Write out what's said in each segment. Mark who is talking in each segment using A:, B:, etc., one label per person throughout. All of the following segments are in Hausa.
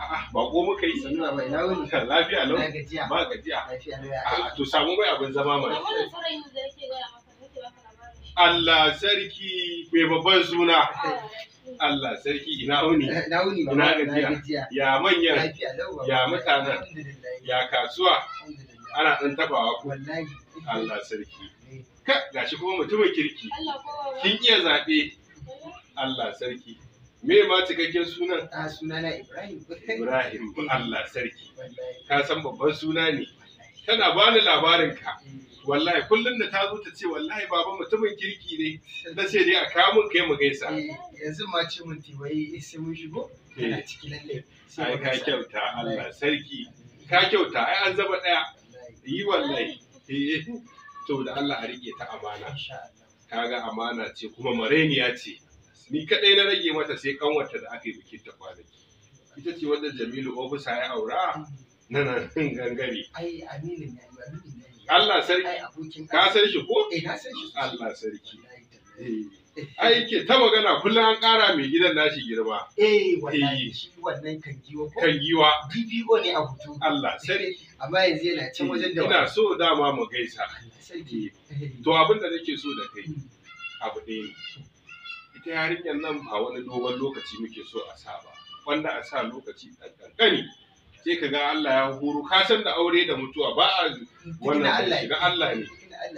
A: A'a,
B: ko muka yi. Sannu baba ina wuni. Lafiya lau. gajiya. Ba gajiya. Lafiya lau. A'a, to samu mai abin zama mai. Allah
A: sarki
B: mai babban suna. Ah, Allah sarki ina wuni. Ina wuni Ina gajiya. Ya manyan. Ya mutanen. Ya kasuwa. Ana ɗan tabawa ku. Allah sarki. Eh. Ka gashi kuma mutumin kirki. Kin iya zaɓe. Eh. Allah sarki. me ma cikakken sunan ah, suna na ibrahim ibrahim allah sarki ka san babban suna ne tana bani labarin ka mm. wallahi kullum da ta zo ta ce wallahi baba mutumin kirki ne na ce dai a kamun kai mu gaisa eh, yanzu ma ce
A: mun tiwaye eh, sai mun shigo kana eh. ciki lalle
B: sai ka kyauta allah sarki ka kyauta ai an zama daya yi wallahi to da allah a rike ta amana kaga amana ce kuma mareniya ce ni kadai na rage mata sai kanwarta da aka yi bikin ta kwanaki ita ce wadda jamilu ofisa ya aura na nan gangare
A: ai aminin ya aminin
B: Allah sarki ka san shi ko eh na san shi Allah sarki eh. ai ke ta magana kullum an ƙara mai gidan nashi girma
A: eh wallahi eh. shi wannan kan
B: giwa ko kan giwa DPO ne a hutu Allah sarki amma yanzu yana can wajen da eh, ina so dama mu gaisa to abin da nake so da kai hmm. abu ɗaya ne ita yarinyar nan ba wani dogon lokaci muke so a sa ba wanda a sa lokaci ɗan sai ka ga Allah ya huru, ka san da aure da mutuwa ba a wannan ga Allah ne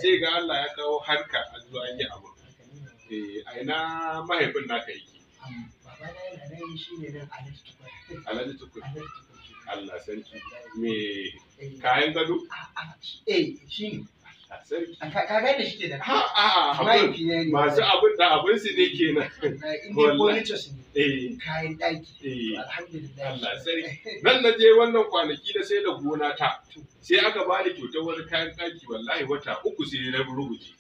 B: sai ga Allah ya kawo harka a zuwa an yi abu eh, a ina mahaifin naka yake
A: babana yana nan shi nan
B: Allah sarki me kayan gado eh shi ne a'a masu abin da abin su ne kenan inda eh. kayan daki eh. nan na je wannan kwanaki na sai da gona ta sai aka bani kyautar wani kayan daki wallahi wata uku sai na rubuce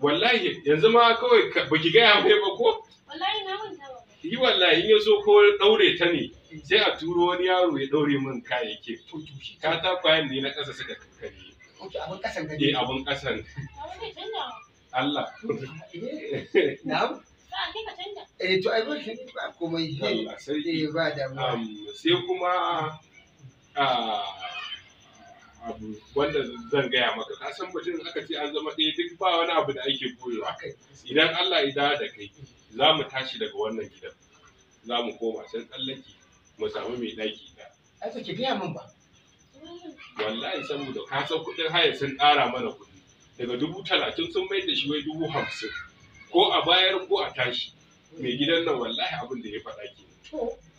B: wallahi yanzu ma kawai baki gaya mai ba ko
A: wallahi na
B: yi wallahi in ya zo ko daure ta ne sai a turo wani yaro ya daure min kayayyakin ka kwayan ne na ƙasa suka kankare
A: ok abin kasan gani eh abin kasan Allah na'am eh to ai ba ba komai eh ba da
B: sai kuma abu wanda zan gaya maka ka san mutum aka ce an zama ɗaya duk ba wani abu da ake koyewa idan Allah ya dawo da kai za mu tashi daga wannan gidan za mu koma can tsallaki mu samu mai ɗaki ɗaya. Ai ki gaya min ba. wallahi saboda ka san kuɗin haya sun ƙara mana kuɗi daga dubu talatin sun mai da shi wai dubu hamsin ko a bayar ko a tashi mai gidan nan wallahi abin da ya faɗa ke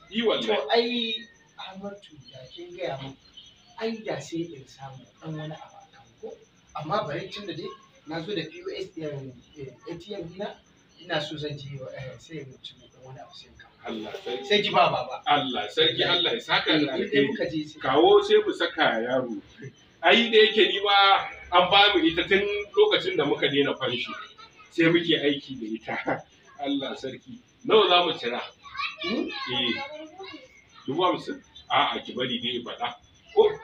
B: yi wallahi to
A: ai Ahmadu da kin gaya mu ai da sai in samu ɗan wani abu a kan ko amma bari tun da dai na zo da POS eh, ATM dina ina so zan je eh, sai in ci wani abu sai in
B: sarki sai ki ba baba Allah sarki Allah ya saka da alheri kawo sai mu saka yaro ai da yake ni ba an ba mu ita tun lokacin da muka daina fanshi sai muke aiki da ita Allah sarki nawa za mu cira hmm? eh dubu hamsin a'a ki bari dai faɗa ko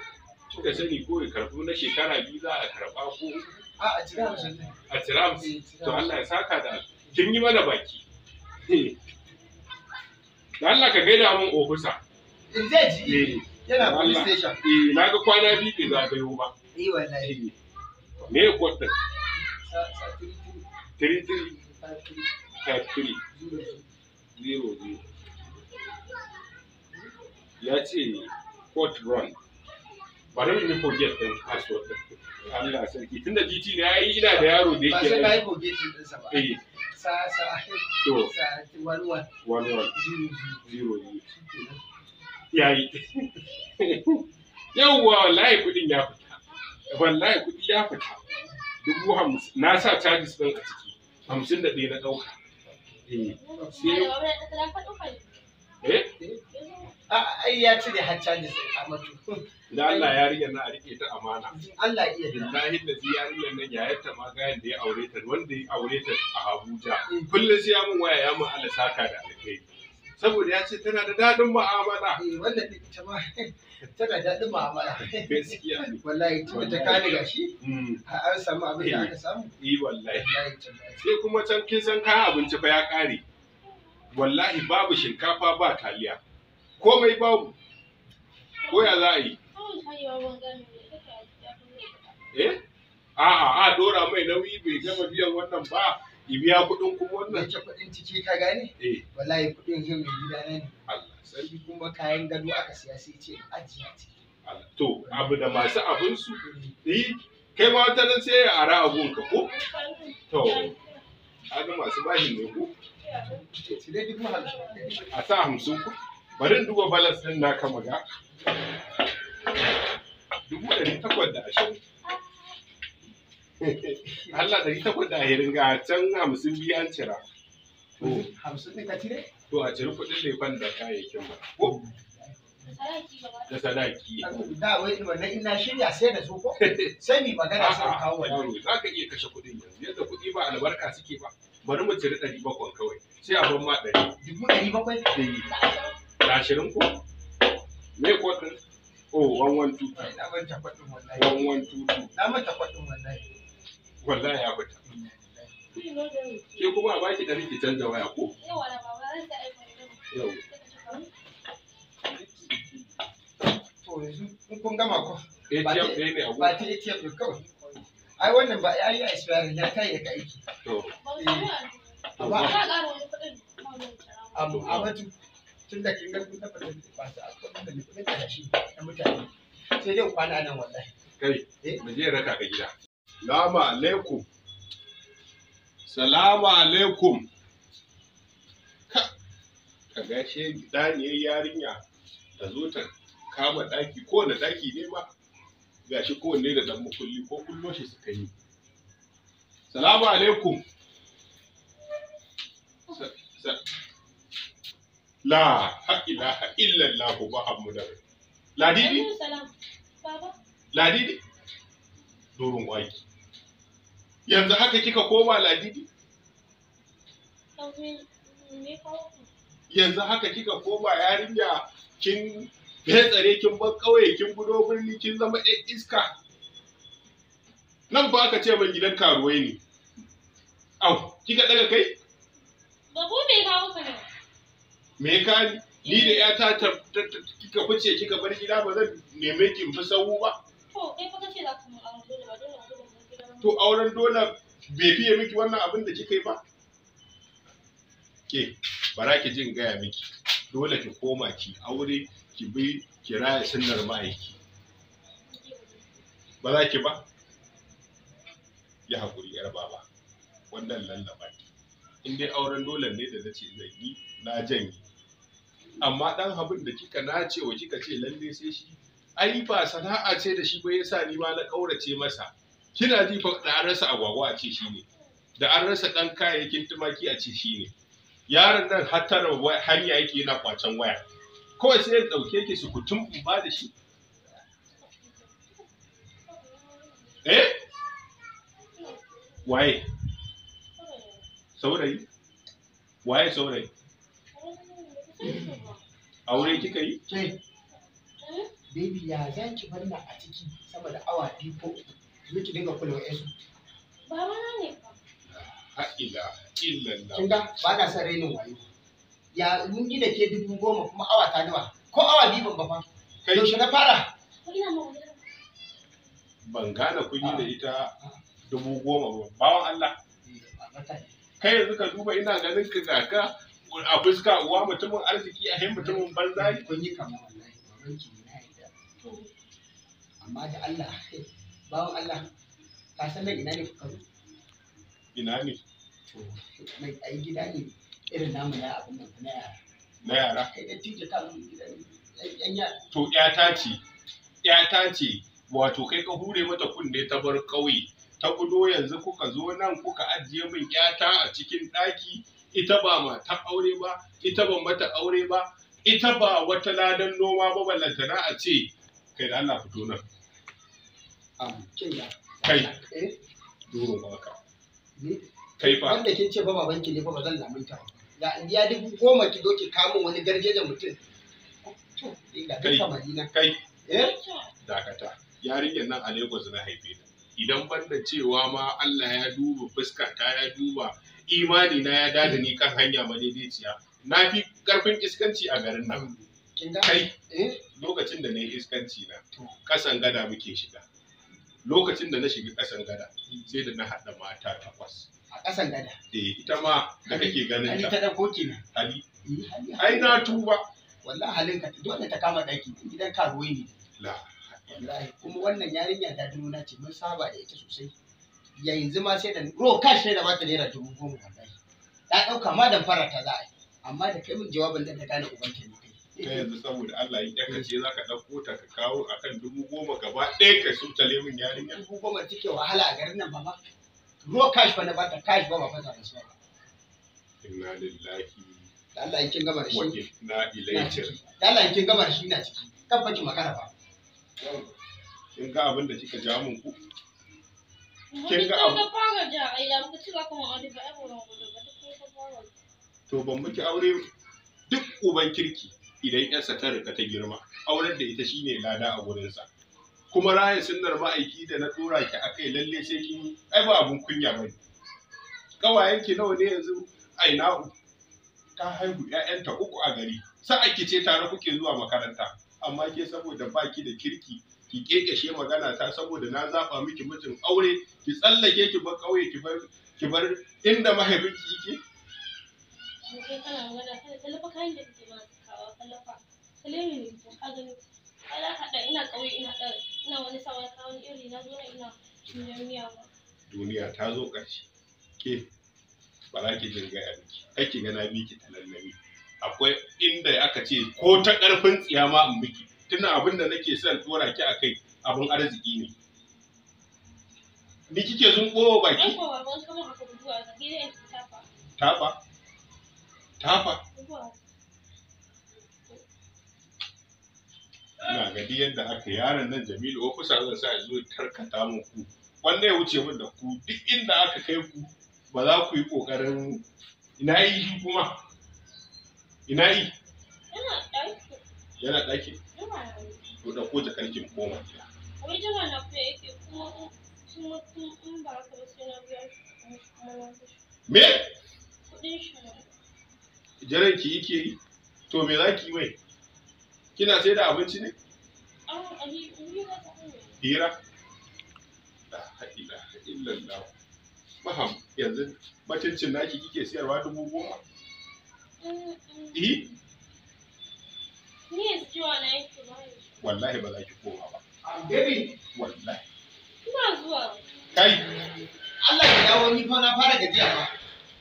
B: kika sani ko ya karɓi na shekara biyu za a karɓa ko
A: a cira hamsin
B: a cira hamsin eh, to Allah ya saka da kin yi mana baki eh. da Allah ka gaida mun ofisa
A: in zai ji eh.
B: yana police station eh na ga kwana biyu bai zagayo ba
A: eh wallahi eh. me
B: tiri tiri tiri ya ce court run bari in forget din password din Allah sarki tunda GT ne ai ina da yaro da yake ba sai kai
A: forget din sa ba eh sa sa to sa 11
B: 11 00 yayi wallahi kudin ya fita wallahi kudi ya fita dubu hamsin na sa charges din a ciki hamsin da ɗaya na ɗauka eh ai
A: ya cire har charges a matu hmm. da Allah ya rike
B: na a rike ta amana Allah iya da billahi da ziyarin nan ya yatta ma gayan da ya aure ta wanda ya aure ta a Abuja Kullum sai ya mun waya ya mun Allah saka da alkai saboda ya ce tana da dadin mu'amala eh
A: wannan ita ma tana dadin mu'amala gaskiya wallahi tunda ta kani gashi
B: hmm. an samu abin da aka samu eh, eh wallahi sai kuma can kin san kayan abinci fa ya kare wallahi babu shinkafa ba taliya komai babu ko ya za a yi eh a'a a dora mai nauyi bai gama biyan wannan ba ki biya kuɗin kuma wannan ce kudin ciki ka gane eh wallahi kudin zai mai gida ne Allah sarki kuma kayan gado
A: aka siya sai ce ajiya ce
B: to abu da masu abin su eh kai ma wata nan sai ya ara abun ka ko to ga masu bashi ne ko a sa hamsin ku bari in duba balas din na kama ga dubu ɗari takwas da ashirin Allah ɗari takwas da ashirin ga can hamsin biyu an cira
A: hamsin ne ka cire
B: to a ciri kuɗin ban da kayayyakin ba ko
A: da sadaki da wai ina na na shirya sai da su ko
B: sai ni magana sai kawo wannan za ka iya kashe kuɗin yanzu yadda kuɗi ba albarka suke ba bari mu ciri ɗari bakwai kawai sai a ban ma ɗari dubu ɗari bakwai da eh. da ashirin ko me ko oh one one two one one two two na wallahi wallahi ya ke kuma a baki canza waya ko
A: yawa na ta to yanzu kun gama ko ATM ne ne ba ta ATM ne kawai ai wannan ba ya kai daga aiki to tun da kin ga kun tabbatar da ba ta akwai da mutum da shi na mutane sai dai kwana nan wallahi
B: kai eh? mu je raka ka gida salamu alaikum salamu alaikum ka gaishe gidaniyar yarinya ta zo ta kama daki kowane daki ne ba gashi kowanne da dan makulli ko kullo shi suka yi salamu alaikum la ilaha illallah muhammadar ladidi ladidi dorin waki yanzu haka kika koma ladidi yanzu haka kika koma yarinya kin tsare kin bar kawai kin gudo birni kin zama ɗan iska nan ba ka ce mai gidan karuwai ne au kika daga kai
A: babu bai kawo ka ne
B: me ka ni da 'ya ta ta kika fice kika bar gida ba zan neme ki fi sawu ba
A: to kai fa kace za ku dole
B: to auren dole bai fiye miki wannan abin da kika yi ba ke bara ki jin gaya miki dole ki koma ki aure ki bi ki raya sunnar ma'aiki ba za ki ba ya haƙuri yar baba wannan lallaba in dai auren dole ne da zace zan yi na janye amma dan abin da kika nace wa kika ce lalle sai shi ai ba sana'a ce da shi ba yasa ni ma na kaurace masa kina ji fa da an rasa agwagwa a ce shi ne da an rasa dan kayayyakin tumaki a ce shi ne yaron nan har hanya yake yana kwacen waya kawai sai ya dauke ki su kutum in ba da shi eh waye saurayi waye saurayi aure kika yi ke
A: baby ya za ki barna a ciki sama da awa biyu ko zo ki dinga kula wa yasu ma na ne ha ila illallah kin ga ba na son rainin wayo ya mun gina ke dubu goma kuma awa ta nawa ko awa biyu
B: ban ba fa kai yaushe na fara ban gane kun yi da ah. ita dubu goma ba bawan Allah eh, kai yanzu ka duba ina ganin ka a fuska uwa mutumin arziki a hin mutumin banza kun yi kama
A: wallahi to amma da Allah bawo Allah ka san ina ne kuka ina ne to mai ai gida ne irin namu nan na yara
B: na yara kai da tije ta mun gida
A: ne
B: to ce yata ce wato kai ka hure mata kunne ta bar ƙauye ta gudo yanzu kuka zo nan kuka ajiye min yata a cikin ɗaki ita ba mata aure ba ita ba mata aure ba ita ba wata ladan noma ba ballantana a ce kai da Allah fito nan kai eh? duro baka kai fa wanda kin ce ba baban ki ne fa ba zan lamunta
A: ba ya dubu goma ki zo ki kamo wani garjejen mutum
B: kai kai eh? dakata yarinyar nan a Lagos na haife ta idan ban da cewa ma Allah ya duba fuska ta ya duba imani na ya dada ni kan hanya madaidaiciya na fi karfin iskanci a garin nan kai eh. lokacin da na yi iskanci na kasan gada muke shiga lokacin da na shiga kasan gada sai da na haɗa mata takwas a kasan gada eh ita ma da kake ganin ta ta koki kenan hali eh, ai na
A: tuba wallahi halin ka dole ta kama daki gidan karuwai ne la wallahi kuma wannan yarinya da duna ce mun saba da ita sosai yanzu ma sai da ro ka sai da mata naira dubu goma wallahi ya dauka ma dan fara ta za a yi amma da kai min jawabin da ka gane uban ta ne kai
B: ta yanzu saboda Allah ya ka ce zaka dauko ta ka kawo akan dubu goma gaba ɗaya ka su tale yarin yarinya dubu goma take
A: wahala a garin nan ba ma ro cash fa na bata cash ba ba fa ta rasuwa ba inna lillahi Allah yakin gama da shi na ilaihi Allah yakin gama da shi na ciki
B: kan fakin makara ba. kin ga abin da kika ja mun ku to ban miki aure duk uban kirki idan yarsa ta rika ta girma auren da ita shine lada a gurinsa kuma raya sunnar ma'aiki da na dora ki kai, lalle sai ki ai ba abun kunya ba kawayen ki nawa ne yanzu ai na'u ta haihu 'ya'yanta uku a gari sa'a ki ce tare kuke zuwa makaranta amma ke saboda baki da kirki ki kekeshe magana ta saboda na zaba miki mijin aure ki tsallake ki bar kauye ki bar ki bar inda mahaifinki
A: yake
B: duniya ta zo ƙarshe ke ba za ki jin gaya miki ai ki ga na miki akwai inda aka ce ko ta ƙarfin tsiyama in miki tuna abin da nake son tura ki a kai abin arziki ne ni kike ba baki tafa tafa ina gadi yadda aka yaron nan jamilu kusa zan sa zo tarkata ku. wanda ya wuce min da ku duk inda aka kai ku ba za ku yi kokarin ina yi kuma ina yi yana ɗaki to da ko koma
A: gida na yake kuma sun mutum in ba ba sai na biya me kudin shi
B: jaran ki yake yi to me za ki mai kina sai abinci ne hira illallah maham yanzu naki kike siyarwa dubu goma
A: mm, mm.
B: eh wallahi ba za ki koma ba wallahi
A: ina zuwa kai Allah ya dawo ni fa na fara gajiya ba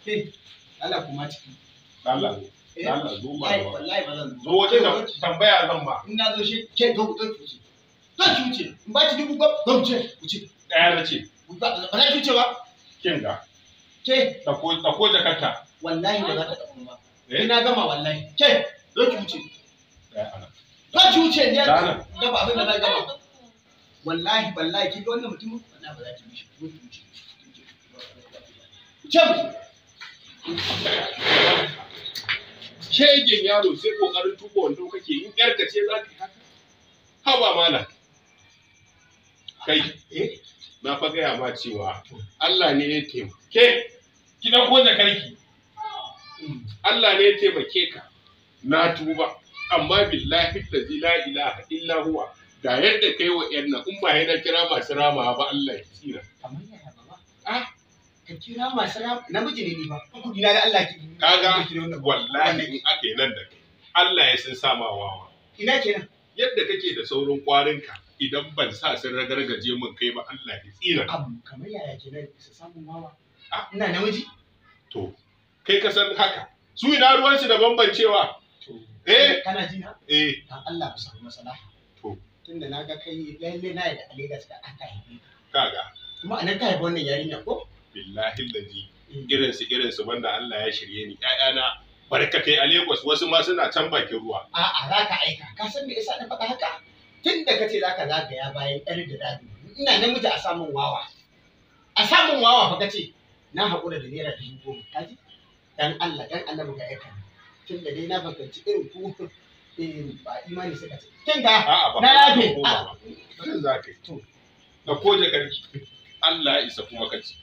A: ke Allah kuma
B: ciki Allah eh? Allah zo ma wallahi ba zan zo waje da tambaya zan ba Ina na zo shi ke zo zo ki wuce zo ki wuce in ba ki dubu gab zo wuce wuce daya na ce ba za ki wuce ba kin ga ke ta ko jakarta wallahi ba za ta dauko ba
A: eh? ina gama wallahi ke zo ki wuce
B: ta
A: wuce ne da ba abin da zai gama wallahi wallahi kin ga wannan mutum wallahi ba za ki mishi
B: ko cuce jam shegen yaro sai kokarin tuko wando kake in yar ka ce za ka haka haba mala kai eh? na fa gaya ma cewa Allah ne ya taimake ki dan ko zakarki hmm. Allah ne ya taimake ka na tuba amma billahi da la ilaha illa huwa ga yadda kai wa yan nan umma yana kira masu rama ba Allah ya tsira amma ya ba ka kira masu rama namiji ne ni ba kudi gina da Allah ki kaga wallahi in aka yi nan da kai Allah ya san sama wawa ina kenan yadda kake da saurin kwarinka idan ban sa sun ragargaje min kai ba Allah ya tsira abu kamar yaya kenan su samu wawa ina namiji to kai ka san haka su ina su da bambancewa eh kana ji na eh dan Allah ku samu matsala to tunda na ga kai lalle na da Legas da aka yi kaga kuma anan ka haifa wannan yarinya ko billahi ladi eh. irin su irin su banda Allah ya shirye ni ƴaƴana barkatai a Lagos wasu ma suna can bakin ruwa
A: a'a za ka aika ka san me yasa na faɗa haka tunda kace za ka zagaya bayan ɗari da dadi ina namiji a samun wawa a samun wawa fa kace na haƙura da naira dubu goma kaji dan Allah dan Allah mu ga aika tun da dai na fahimci irin ku ba imani suka ce kin ga na yafe
B: kin zafe to da koje karki Allah ya isa kuma kaci